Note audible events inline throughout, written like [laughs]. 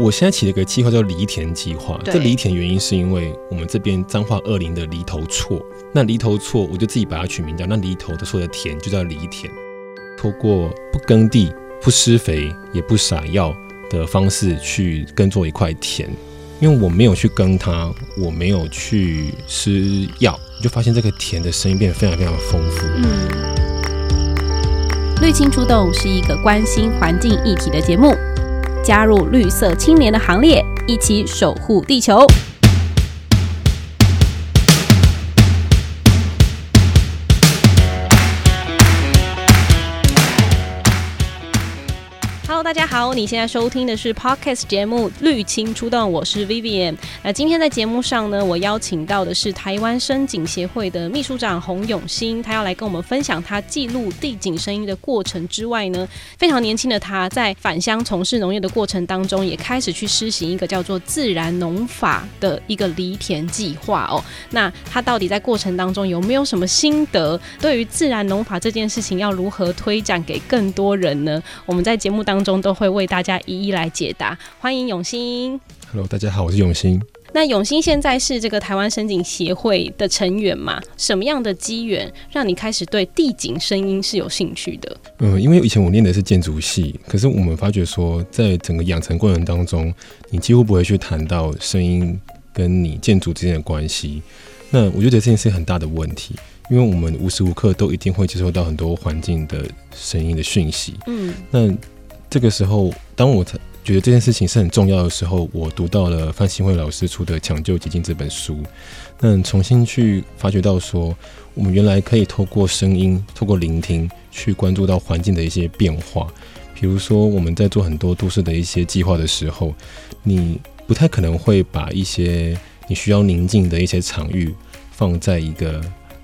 我現在起了個計劃，叫“犁田計劃”對。這犁田原因是因為我們這邊彰化二林的犁頭錯，那犁頭錯我就自己把它取名叫“那犁頭”的“錯”的“田”，就叫犁田。透過不耕地、不施肥、也不撒藥的方式去耕作一塊田，因為我沒有去耕它，我沒有去施藥，你就發現這個田的聲音變得非常非常豐富。嗯。綠青出動是一個關心環境議題的節目。加入綠色青年的行列，一起守護地球。大家好，你現在收聽的是 Podcast 節目《綠青出動》，我是 Vivian。那今天在節目上呢，我邀請到的是台灣聲景協會的秘書長洪永鑫，他要來跟我們分享他記錄地景聲音的過程之外呢，非常年輕的他在返鄉從事農業的過程當中，也開始去施行一個叫做自然農法的一個犁田計劃哦。那他到底在過程當中有沒有什麼心得？對於自然農法這件事情，要如何推展給更多人呢？我們在節目當中。都會為大家一一來解答，歡迎永鑫。Hello，大家好，我是永鑫。那永鑫現在是這個台灣聲景協會的成員嘛？什麼樣的機緣讓你開始對地景聲音是有興趣的？嗯，因為以前我念的是建築系，可是我們發覺說，在整個養成過程當中，你幾乎不會去談到聲音跟你建築之間的關係。那我覺得這件事很大的問題，因為我們無時無刻都一定會接收到很多環境的聲音的訊息。嗯，那。這個時候，當我才覺得這件事情是很重要的時候，我讀到了范欽慧老師出的《搶救寂靜》這本書，那重新去發覺到說，我們原來可以透過聲音、透過聆聽去關注到環境的一些變化。比如說，我們在做很多都市的一些計劃的時候，你不太可能會把一些你需要寧靜的一些場域放在一個，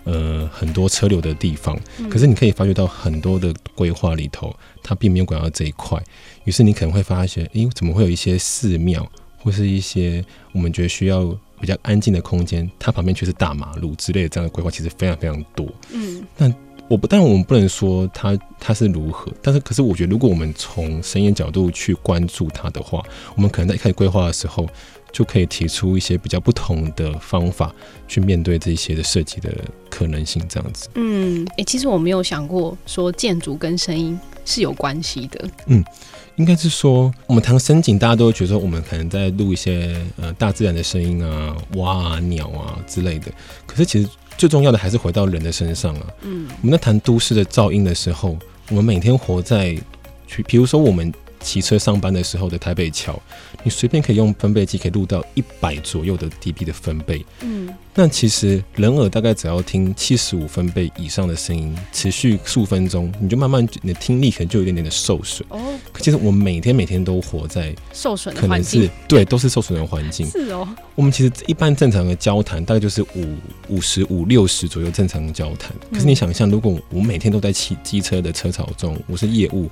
呃，很多車流的地方，嗯、可是你可以發覺到很多的規劃裡頭，它並沒有管到這一塊。於是你可能會發現，哎、欸，怎麼會有一些寺廟或是一些我們覺得需要比較安靜的空間，它旁邊卻是大馬路之類的這樣的規劃，其實非常非常多。嗯，但我不，但我們不能說它它是如何，但是可是我覺得，如果我們從聲音角度去關注它的話，我們可能在一開始規劃的時候。就可以提出一些比較不同的方法去面對這些的設計的可能性，這樣子。嗯，哎、欸，其實我沒有想過說建築跟聲音是有關係的。嗯，應該是說我們談聲景，大家都會覺得說我們可能在錄一些呃大自然的聲音啊，蛙啊、鳥啊之類的。可是其實最重要的還是回到人的身上啊。嗯，我們在談都市的噪音的時候，我們每天活在，去，比如說我們。騎車上班的時候的台北橋，你隨便可以用分貝計可以錄到一百左右的 dB 的分貝。嗯，那其實人耳大概只要聽七十五分貝以上的聲音持續數分鐘，你就慢慢你的聽力可能就有一點點的受損。哦，oh, okay. 可其實我們每天每天都活在受損的環境，對，都是受損的環境。是哦，我們其實一般正常的交談大概就是五五十五六十左右正常的交談。嗯，可是你想象，如果我們每天都在騎機車的車潮中，我是業務。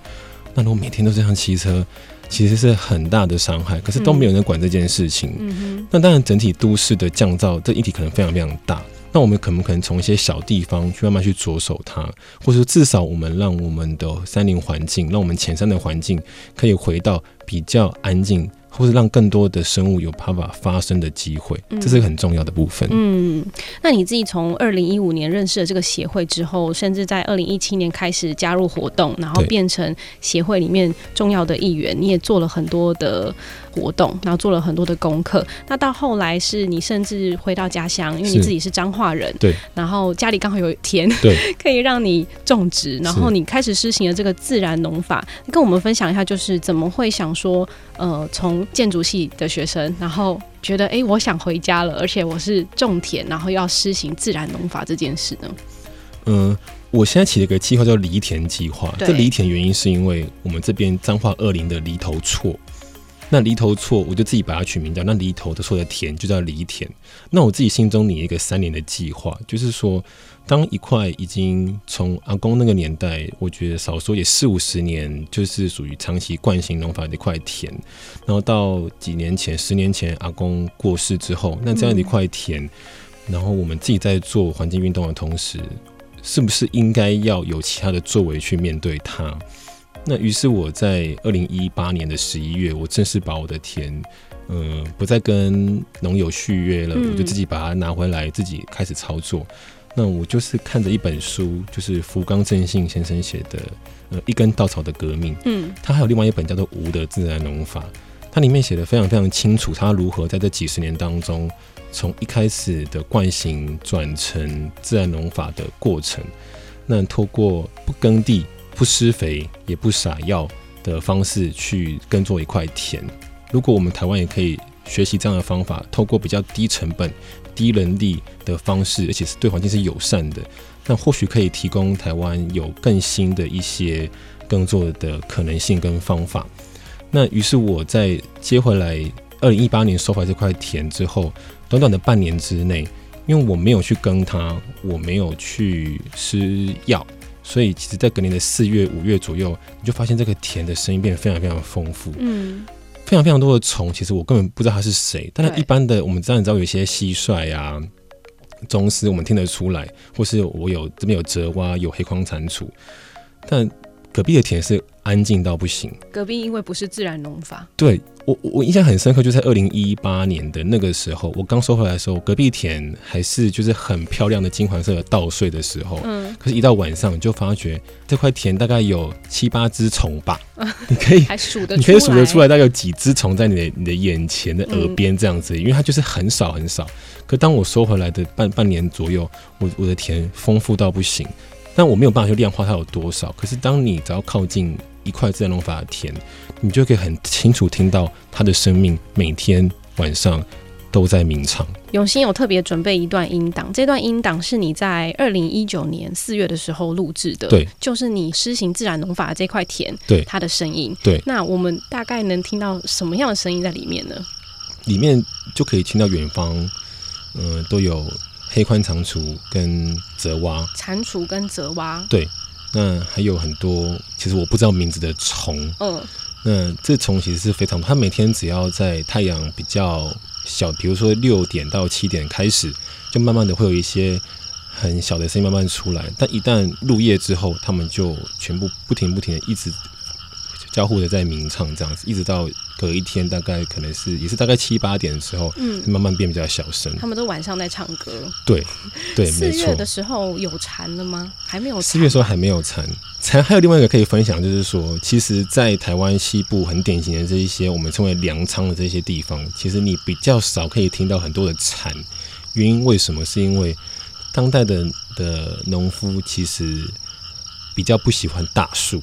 那如果每天都這樣騎車，其實是很大的傷害。可是都沒有人管這件事情。嗯嗯、那當然，整體都市的降噪這議題，可能非常非常大。那我們可不可能從一些小地方去慢慢去着手它，或者說至少我們讓我們的森林環境，讓我們淺山的環境可以回到比較安靜。或是讓更多的生物有啪啪發生的機會，嗯、這是很重要的部分。嗯，那你自己從二零一五年認識了這個協會之後，甚至在二零一七年開始加入活動，然後變成協會裡面重要的一員。對你也做了很多的活動，然後做了很多的功課。那到後來是你甚至回到家鄉，因為你自己是彰化人，對，然後家裡剛好有田，對， [laughs] 可以讓你種植。然後你開始施行了這個自然農法，是跟我們分享一下，就是怎麼會想說，呃，從建築系的學生，然後覺得哎、欸，我想回家了，而且我是種田，然後要施行自然農法這件事呢。嗯，我現在起了個計劃叫犁田計劃。這犁對田原因是因為我們這邊彰化二林的犁頭厝。那犁頭厝，我就自己把它取名叫“那犁頭厝的田”，就叫犁田。那我自己心中擬一個三年的計劃，就是說，當一塊已經從阿公那個年代，我覺得少說也四五十年，就是屬於長期慣行農法的一塊田，然後到幾年前、十年前阿公過世之後，那這樣的一塊田，然後我們自己在做環境運動的同時，是不是應該要有其他的作為去面對它？那於是我在二零一八年的十一月，我正式把我的田，呃，不再跟農友續約了，嗯、我就自己把它拿回來，自己開始操作。那我就是看着一本書，就是福岡正信先生寫的呃《一根稻草的革命》，嗯，他還有另外一本叫做《無的自然農法》，他裡面寫的非常非常清楚，他如何在這幾十年當中，從一開始的慣行轉成自然農法的過程。那透過不耕地。不施肥也不撒藥的方式去耕作一塊田。如果我們台灣也可以學習這樣的方法，透過比較低成本、低人力的方式，而且是對環境是友善的，那或許可以提供台灣有更新的一些耕作的可能性跟方法。那於是我在接回來二零一八年收回這塊田之後，短短的半年之內，因為我沒有去耕它，我沒有去施藥。所以，其實，在隔年的四月、五月左右，你就發現這個田的聲音變得非常非常豐富，嗯，非常非常多的蟲。其實我根本不知道它是誰，但是一般的我們知道，你知道有一些蟋蟀啊、螽對斯，我們聽得出來，或是我有這邊有澤蛙、有黑框蟾蜍，但。隔壁的田是安靜到不行。隔壁因為不是自然農法，對，我我印象很深刻，就是、在二零一八年的那個時候，我剛收回來的時候，隔壁田還是就是很漂亮的金黃色的稻穗的時候，嗯，可是，一到晚上你就發覺這塊田大概有七八隻蟲吧，嗯、你可以數得，你可以數得出來，出來大概有幾隻蟲在你的你的眼前的耳邊這樣子，嗯、因為它就是很少很少。可當我收回來的半半年左右，我我的田豐富到不行。但我沒有辦法去量化它有多少。可是，當你只要靠近一塊自然農法的田，你就可以很清楚聽到它的生命每天晚上都在鳴唱。永鑫有特別準備一段音檔，這段音檔是你在二零一九年四月的時候錄製的，對，就是你施行自然農法的這塊田，對，它的聲音，對。那我們大概能聽到什麼樣的聲音在裡面呢？裡面就可以聽到遠方，嗯、呃，都有。黑寬蟾蜍跟澤蛙，蟾蜍跟澤蛙，對，那還有很多其實我不知道名字的蟲，嗯，呃、那這蟲其實是非常多。它每天只要在太陽比較小，比如說六點到七點開始，就慢慢的會有一些很小的聲音慢慢出來，但一旦入夜之後，它們就全部不停不停的一直。交互的在鳴唱這樣子，一直到隔一天，大概可能是也是大概七八點的時候，嗯，慢慢變比較小聲。他們都晚上在唱歌。對對，四 [laughs] 月的時候有蟬了嗎？還沒有。四月時候還沒有蟬。蟬還有另外一個可以分享，就是說，其實，在台灣西部很典型的這一些我們稱為糧倉的這些地方，其實你比較少可以聽到很多的蟬。原因為什麼？是因為當代的的農夫其實比較不喜歡大樹。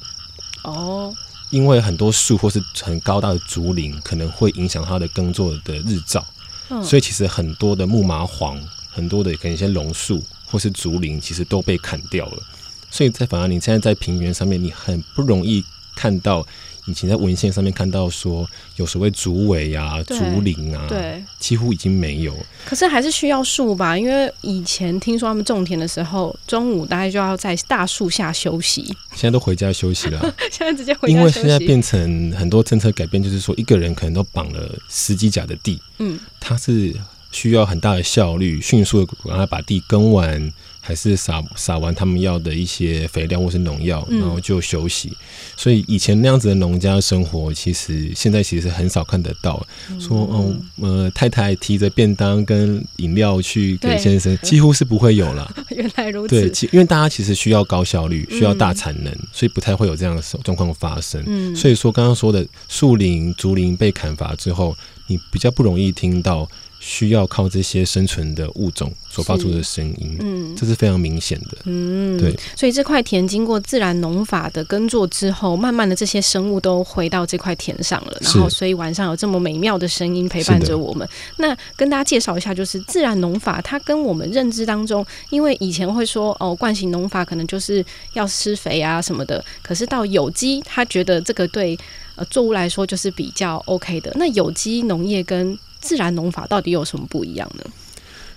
哦。因為很多樹或是很高大的竹林，可能會影響它的耕作的日照，嗯、所以其實很多的木麻黃、很多的跟一些榕樹或是竹林，其實都被砍掉了。所以在反而你現在在平原上面，你很不容易看到。以前在文獻上面看到說，有所謂竹尾啊、竹林啊，對，對幾乎已經沒有。可是還是需要樹吧，因為以前聽說他們種田的時候，中午大概就要在大樹下休息。現在都回家休息了啊， [laughs] 現在直接回家。因為現在變成很多政策改變，就是說一個人可能都綁了十幾甲的地，嗯，他是需要很大的效率，迅速的把地耕完。還是撒撒完他們要的一些肥料或是農藥，然後就休息。嗯、所以以前那樣子的農家生活，其實現在其實很少看得到。嗯、說哦、嗯，呃，太太提着便當跟飲料去給先生，對幾乎是不會有了。原來如此。對，因為大家其實需要高效率，需要大產能，嗯、所以不太會有這樣的狀況發生。嗯、所以說，剛剛說的樹林、竹林被砍伐之後，你比較不容易聽到，需要靠這些生存的物種所發出的聲音，嗯，這是非常明顯的，嗯，對。所以這塊田經過自然農法的耕作之後，慢慢的這些生物都回到這塊田上了，然後所以晚上有這麼美妙的聲音陪伴着我們。是的。那跟大家介紹一下，就是自然農法，它跟我們認知當中，因為以前會說哦，慣行農法可能就是要施肥啊什麼的，可是到有機，他覺得這個對呃作物來說就是比較 OK 的。那有機農業跟自然農法到底有什麼不一樣呢？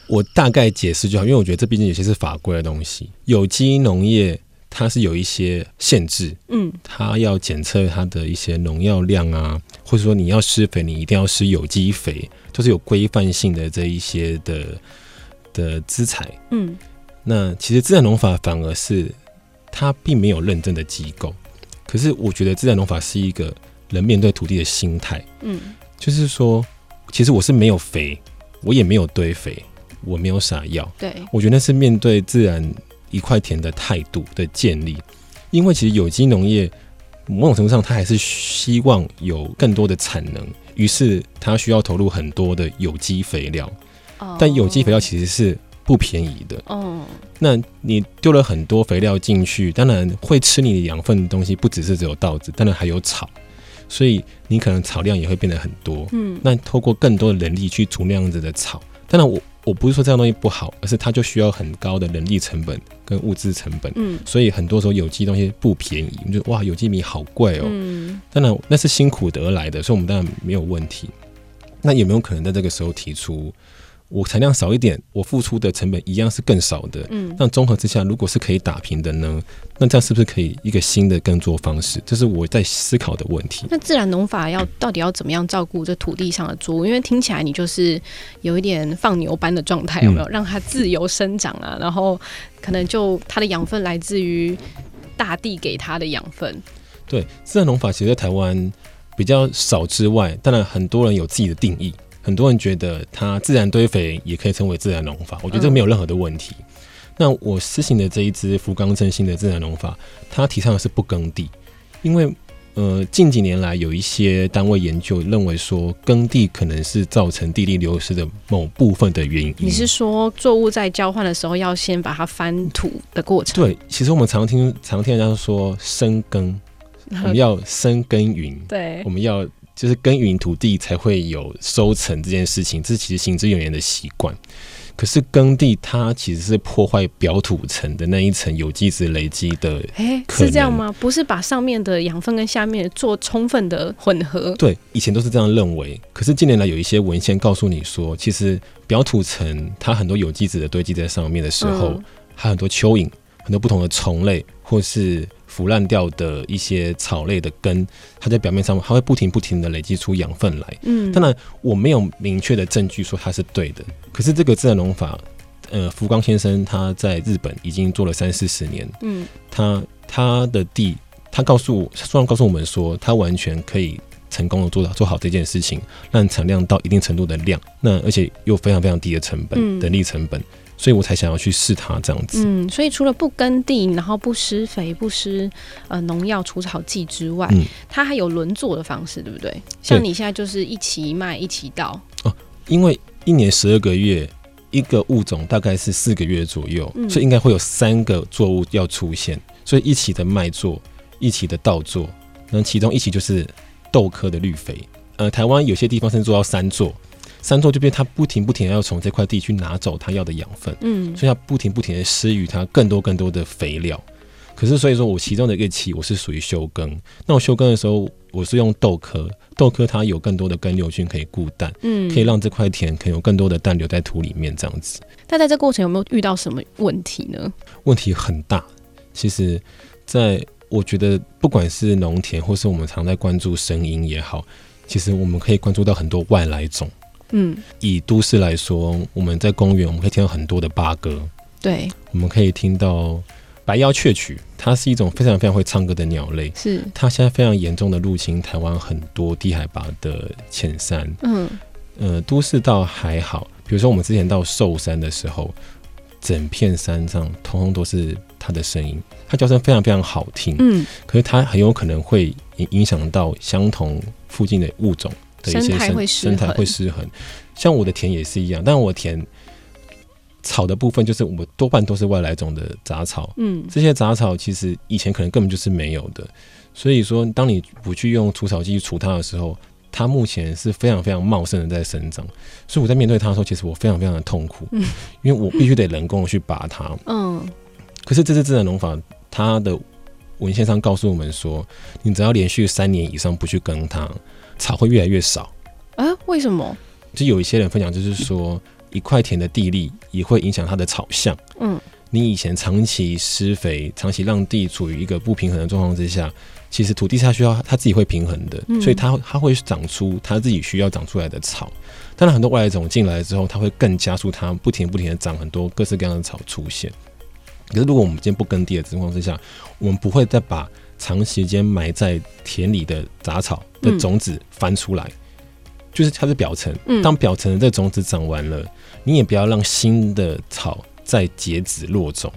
我大概解釋就好，因為我覺得這畢竟有些是法規的東西。有機農業它是有一些限制，嗯，它要檢測它的一些農藥量啊，或者說你要施肥，你一定要施有機肥，就是有規範性的這一些的的資材。嗯。那其實自然農法反而是它並沒有認證的機構，可是我覺得自然農法是一個人面對土地的心態，嗯，就是說。其實我是沒有肥，我也沒有堆肥，我沒有撒藥。對，我覺得那是面對自然一塊田的態度的建立。因為其實有機農業某種程度上它還是希望有更多的產能，於是它需要投入很多的有機肥料。但有機肥料其實是不便宜的。Oh. 那你丟了很多肥料進去，當然會吃你的養分的東西，不只是只有稻子，當然還有草。所以你可能草量也會變得很多，嗯，那透過更多的人力去除那樣子的草。當然我，我我不是說這樣東西不好，而是它就需要很高的人力成本跟物資成本，嗯，所以很多時候有機東西不便宜，你就哇，有機米好貴哦。嗯，當然那是辛苦得來的，所以我們當然沒有問題。那有沒有可能在這個時候提出？我產量少一點，我付出的成本一樣是更少的。嗯，但綜合之下，如果是可以打平的呢，那這樣是不是可以一個新的耕作方式？這是我在思考的問題。那自然農法要到底要怎麼樣照顧這土地上的作物？因為聽起來你就是有一點放牛般的狀態，有沒有？嗯，讓它自由生長啊，然後可能就它的養分來自於大地給它的養分。對，自然農法其實在台灣比較少之外，當然很多人有自己的定義。很多人覺得它自然堆肥也可以稱為自然農法，我覺得這沒有任何的問題。嗯、那我實行的這一支福岡正信的自然農法，它提倡的是不耕地，因為呃近幾年來有一些單位研究認為說耕地可能是造成地力流失的某部分的原因。你是說作物在交換的時候要先把它翻土的過程？對，其實我們常聽常聽人家說深耕，我們要深耕耘。 [laughs] 對，我們要。就是耕耘土地才會有收成這件事情，這是其實行之有年的習慣。可是耕地它其實是破壞表土層的那一層有機質累積的。誒、欸，是這樣嗎？不是把上面的養分跟下面做充分的混合？對，以前都是這樣認為。可是近年來有一些文獻告訴你說，其實表土層它很多有機質的堆積在上面的時候，嗯、它很多蚯蚓、很多不同的蟲類或是。腐爛掉的一些草類的根，它在表面上，它會不停不停的累積出養分來。嗯，當然我沒有明確的證據說它是對的。可是這個自然農法，呃，福岡先生他在日本已經做了三四十年。嗯，他他的地，他告訴我，雖然告訴我們說，他完全可以成功的做到做好這件事情，讓產量到一定程度的量，那而且又有非常非常低的成本，人、嗯、力成本。所以我才想要去試它這樣子。嗯，所以除了不耕地，然後不施肥、不施呃農藥除草劑之外，嗯、它還有輪作的方式，對不對？對像你現在就是一期麥、一期稻哦、啊，因為一年十二個月，一個物種大概是四個月左右，嗯、所以應該會有三個作物要出現，所以一期的麥作、一期的稻作，那其中一期就是豆科的綠肥。呃，台灣有些地方甚至做到三作。三座就變，他不停不停要從這塊地去拿走他要的養分，嗯，所以它不停不停的施予它更多更多的肥料。可是，所以說我其中的一期，我是屬於休耕。那我休耕的時候，我是用豆科，豆科它有更多的根瘤菌可以固氮，嗯，可以讓這塊田可以有更多的氮留在土裡面，這樣子。但在這過程有沒有遇到什麼問題呢？問題很大。其實，在我覺得，不管是農田，或是我們常在關注聲音也好，其實我們可以關注到很多外來種。嗯，以都市來說，我們在公園，我們可以聽到很多的八哥。對，我們可以聽到白腰鵲鴝，它是一種非常非常會唱歌的鳥類。是，它現在非常嚴重的入侵台灣很多低海拔的淺山。嗯，呃，都市倒還好，比如說我們之前到壽山的時候，整片山上通通都是它的聲音，它叫聲非常非常好聽。嗯，可是它很有可能會影影響到相同附近的物種。生態會失衡，像我的田也是一樣，但我田草的部分就是我多半都是外來種的雜草，嗯，這些雜草其實以前可能根本就是沒有的，所以說當你不去用除草劑除它的時候，它目前是非常非常茂盛的在生長，所以我在面對它的時候，其實我非常非常的痛苦，嗯，因為我必須得人工去拔它，嗯，可是這是自然農法，它的文獻上告訴我們說，你只要連續三年以上不去耕它，草會越來越少，啊？為什麼？就有一些人分享，就是說一塊田的地力也會影響它的草相。嗯，你以前長期施肥，長期讓地處於一個不平衡的狀況之下，其實土地它需要它自己會平衡的，所以它它會長出它自己需要長出來的草。嗯、當然，很多外來種進來之後，它會更加速它不停不停的長很多各式各樣的草出現。可是如果我們今天不耕地的情況之下，我們不會再把。長時間埋在田裡的雜草的種子翻出來，嗯、就是它的表層。當表層的這種子長完了，嗯、你也不要讓新的草再結籽落種，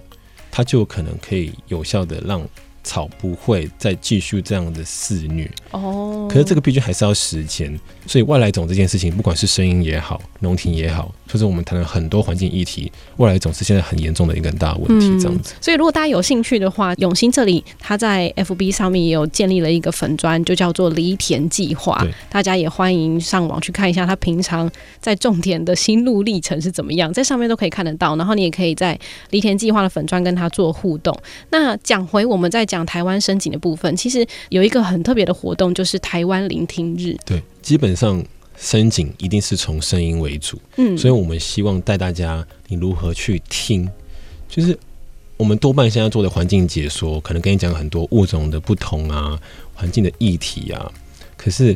它就可能可以有效的讓。草不會再繼續這樣的肆虐哦，可是這個畢竟還是要時間，所以外來種這件事情，不管是聲音也好，農田也好，就是我們談了很多環境議題，外來種是現在很嚴重的一個大問題，這樣子、嗯。所以如果大家有興趣的話，永鑫這裡他在 FB 上面也有建立了一個粉專，就叫做犁田計劃，對大家也歡迎上網去看一下他平常在種田的心路歷程是怎麼樣，在上面都可以看得到，然後你也可以在犁田計劃的粉專跟他做互動。那講回我們在。講台灣聲景的部分，其實有一個很特別的活動，就是台灣聆聽日。對，基本上聲景一定是從聲音為主，嗯，所以我們希望帶大家你如何去聽，就是我們多半現在做的環境解說，可能跟你講很多物種的不同啊，環境的議題啊，可是，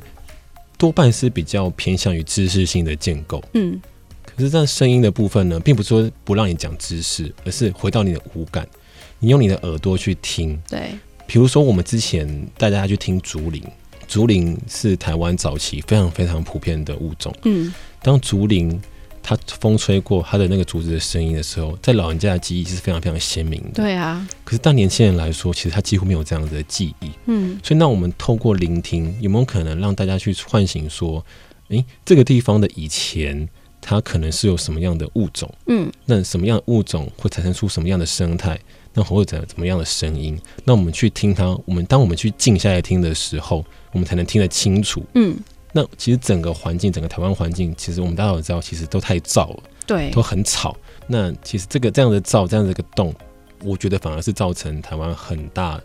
多半是比較偏向於知識性的建構，嗯，可是在聲音的部分呢，並不是說不讓你講知識，而是回到你的五感。你用你的耳朵去聽，對，比如說我們之前帶大家去聽竹林，竹林是台灣早期非常非常普遍的物種，嗯，當竹林它風吹過它的那個竹子的聲音的時候，在老人家的記憶是非常非常鮮明的，對啊，可是當年輕人來說，其實他幾乎沒有這樣子的記憶，嗯，所以那我們透過聆聽，有沒有可能讓大家去喚醒說，誒，這個地方的以前它可能是有什麼樣的物種，嗯，那什麼樣的物種會產生出什麼樣的生態？那會有怎怎麼樣的聲音？那我們去聽它，我們當我們去靜下來聽的時候，我們才能聽得清楚。嗯，那其實整個環境，整個台灣環境，其實我們大家都知道，其實都太噪了，對、嗯，都很吵。那其實這個這樣的噪，這樣的一個動，我覺得反而是造成台灣很大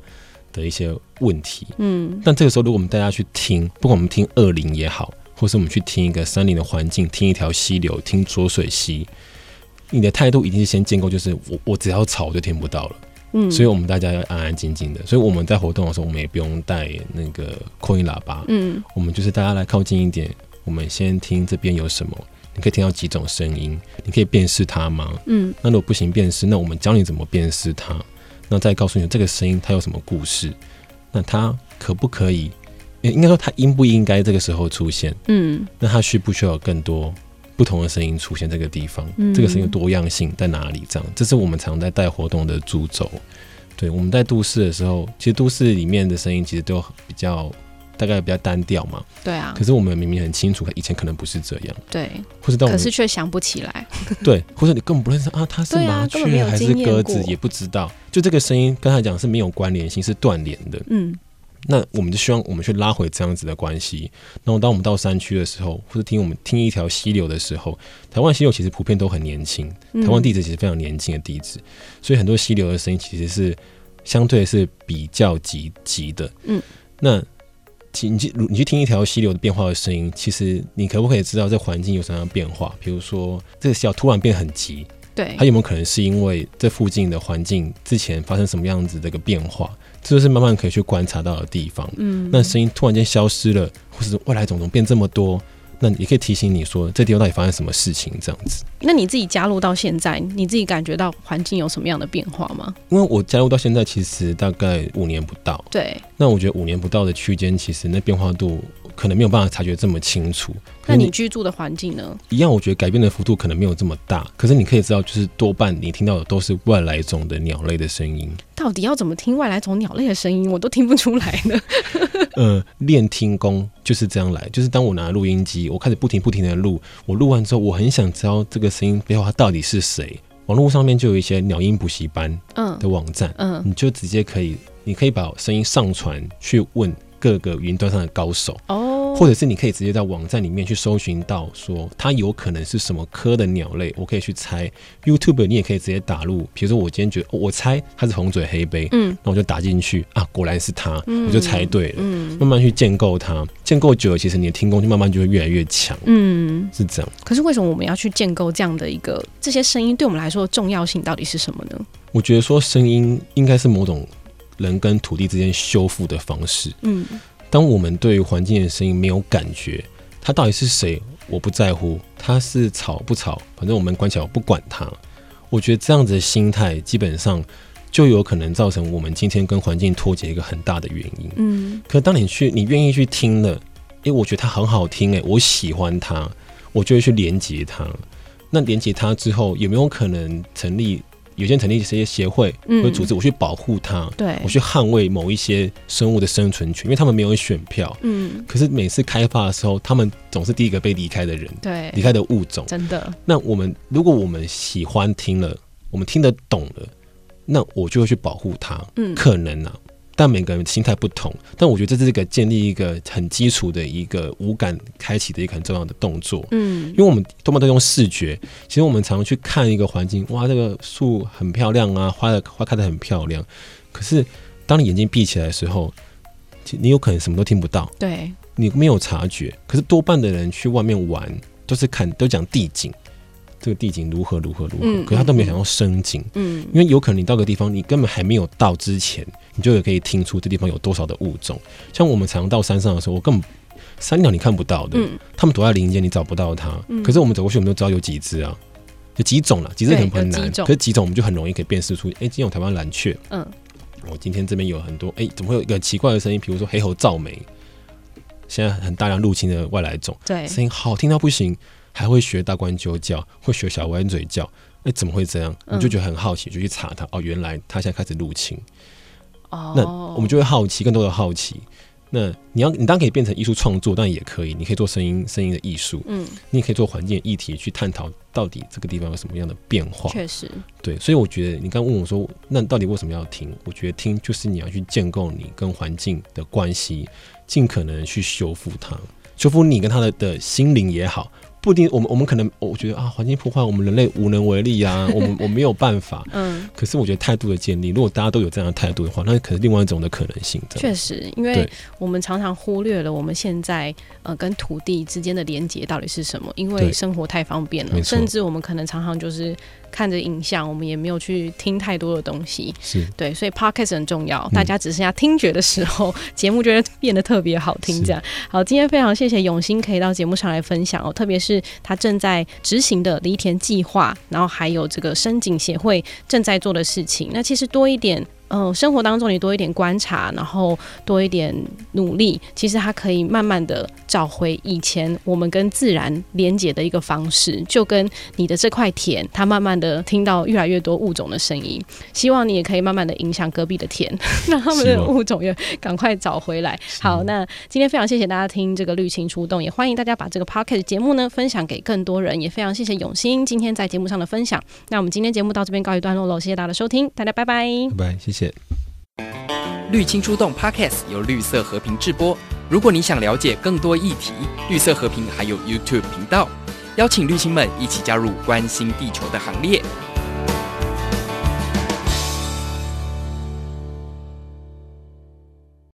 的一些問題。嗯，但這個時候如果我們大家去聽，不管我們聽二林也好，或是我們去聽一個山林的環境，聽一條溪流，聽濁水溪。你的態度一定是先建構，就是我我只要吵就聽不到了，嗯，所以我們大家要安安靜靜的。所以我們在活動的時候，我們也不用帶那個擴音喇叭，嗯，我們就是大家來靠近一點，我們先聽這邊有什麼，你可以聽到幾種聲音，你可以辨識它嗎？嗯，那如果不行辨識，那我們教你怎麼辨識它，那再告訴你這個聲音它有什麼故事，那它可不可以？應該說它應不應該這個時候出現？嗯，那它需不需要有更多？不同的聲音出現這個地方，嗯、這個聲音有多樣性在哪裡？這樣，這是我們常在帶活動的主軸。對，我們在都市的時候，其實都市裡面的聲音其實都比較，大概比較單調嘛。對啊。可是我們明明很清楚，以前可能不是這樣。對。或是到可是卻想不起來。 [laughs] 對，或者你根本不認識啊，它是麻雀、啊、還是鴿子也不知道，就這個聲音跟他講是沒有關聯性，是斷聯的。嗯。那我們就希望我們去拉回這樣子的關係。然後，當我們到山區的時候，或者聽我們聽一條溪流的時候，台灣溪流其實普遍都很年輕，台灣地質其實非常年輕的地質，嗯，所以很多溪流的聲音其實是相對是比較急急的。嗯，那你去你去聽一條溪流的變化的聲音，其實你可不可以知道這環境有什麼樣的變化？比如說，這個小突然變很急，對，它有沒有可能是因為這附近的環境之前發生什麼樣子的一個變化？這就是慢慢可以去觀察到的地方。嗯，那聲音突然間消失了，或是外來種種變這麼多，那也可以提醒你說這地方到底發生什麼事情這樣子。那你自己加入到現在，你自己感覺到環境有什麼樣的變化嗎？因為我加入到現在其實大概五年不到。對。那我覺得五年不到的區間，其實那變化度可能沒有辦法察覺這麼清楚。你，那你居住的環境呢？一樣，我覺得改變的幅度可能沒有這麼大。可是你可以知道，就是多半你聽到的都是外來種的鳥類的聲音。到底要怎麼聽外來種鳥類的聲音，我都聽不出來呢。 [laughs] 呃，練聽功就是這樣來，就是當我拿錄音機，我開始不停不停的錄，我錄完之後，我很想知道這個聲音，背後它到底是誰。網絡上面就有一些鳥音補習班，嗯的網站，嗯，你就直接可以，嗯、你可以把聲音上傳去問各個雲端上的高手哦。或者是你可以直接在網站裡面去搜尋到說它有可能是什麼科的鳥類，我可以去猜。YouTube 你也可以直接打入，比如說我今天覺得、哦、我猜它是紅嘴黑鵯，嗯，那我就打進去啊，果然是它，嗯、我就猜對了。嗯嗯、慢慢去建構它，建構久了，其實你的聽功就慢慢就會越來越強，嗯，是這樣。可是為什麼我們要去建構這樣的一個，這些聲音對我們來說的重要性到底是什麼呢？我覺得說聲音應該是某種人跟土地之間修復的方式，嗯。當我們對環境的聲音沒有感覺，它到底是誰，我不在乎，它是吵不吵，反正我們關起來不管它。我覺得這樣子的心態，基本上就有可能造成我們今天跟環境脫節一個很大的原因。嗯，可當你去，你願意去聽了，哎，欸，我覺得它很好聽，欸，誒，我喜歡它，我就會去連接它。那連接它之後，有沒有可能成立？有些成立一些協會會組織我去保護它，嗯、對我去捍衛某一些生物的生存權，因為他們沒有選票。嗯，可是每次開發的時候，他們總是第一個被離開的人。對，離開的物種。真的。那我們如果我們喜歡聽了，我們聽得懂了，那我就會去保護它。嗯，可能啊。但每個人心態不同，但我覺得這是一個建立一個很基礎的一個五感開啟的一個很重要的動作。嗯，因為我們多半都用視覺，其實我們常常去看一個環境，哇，這個樹很漂亮啊，花的花開得很漂亮。可是當你眼睛閉起來的時候，你有可能什麼都聽不到，對，你沒有察覺。可是多半的人去外面玩，都是看，都講地景。這個地景如何如何如何。嗯，嗯、可是他都沒有想要聲景。嗯，嗯、因為有可能你到個地方，你根本還沒有到之前，你就可以聽出這地方有多少的物種。像我們常到山上的時候，我根本山鳥你看不到的，他們躲在林間你找不到它。可是我們走過去，我們就知道有幾只啊，有幾種了。其實很很難，可是幾種我們就很容易可以辨識出。哎，今天有台灣藍鵲，嗯，我今天這邊有很多，哎，怎麼會有一個奇怪的聲音？比如說黑喉噪鶥，現在很大量入侵的外來種，對，聲音好聽到不行。還會學大冠鷲叫，會學小彎嘴叫。那、欸、怎麼會這樣？你就覺得很好奇，嗯、就去查他哦，原來他現在開始入侵。哦，那我們就會好奇，更多的好奇。那你要，你當然可以變成藝術創作，但也可以，你可以做聲音，聲音的藝術。嗯，你也可以做環境的議題去探討，到底這個地方有什麼樣的變化。確實，對。所以我覺得，你剛問我說，那到底為什麼要聽？我覺得聽就是你要去建構你跟環境的關係，盡可能去修復它，修復你跟他的的心靈也好。不一定，我們我們可能我覺得啊，環境破壞，我們人類無能為力啊，我們 [laughs] 我沒有辦法。嗯，可是我覺得態度的建立，如果大家都有這樣的態度的話，那可是另外一種的可能性的。確實，因為對我們常常忽略了我們現在呃跟土地之間的連結到底是什麼，因為生活太方便了，對錯甚至我們可能常常就是。看着影像，我們也沒有去聽太多的東西，是對，所以 podcast 很重要。大家只剩下聽覺的時候，節、嗯、目就會變得特別好聽。這樣是好，今天非常謝謝永鑫可以到節目上來分享哦，特別是他正在執行的犁田計劃，然後還有這個聲景協會正在做的事情。那其實多一點。嗯、呃，生活當中你多一點觀察，然後多一點努力，其實它可以慢慢的找回以前我們跟自然連接的一個方式。就跟你的這塊田，它慢慢的聽到越來越多物種的聲音。希望你也可以慢慢的影響隔壁的田， [laughs] 哦、讓他們的物種也趕快找回來。哦、好，那今天非常謝謝大家聽這個綠青出動，也歡迎大家把這個 Podcast 節目呢分享給更多人。也非常謝謝永鑫今天在節目上的分享。那我們今天節目到這邊告一段落嘍，謝謝大家的收聽，大家拜拜，拜拜，謝謝。綠青出動 Podcast 由綠色和平製播。如果你想了解更多議題，綠色和平還有 YouTube 頻道，邀請綠青們一起加入關心地球的行列。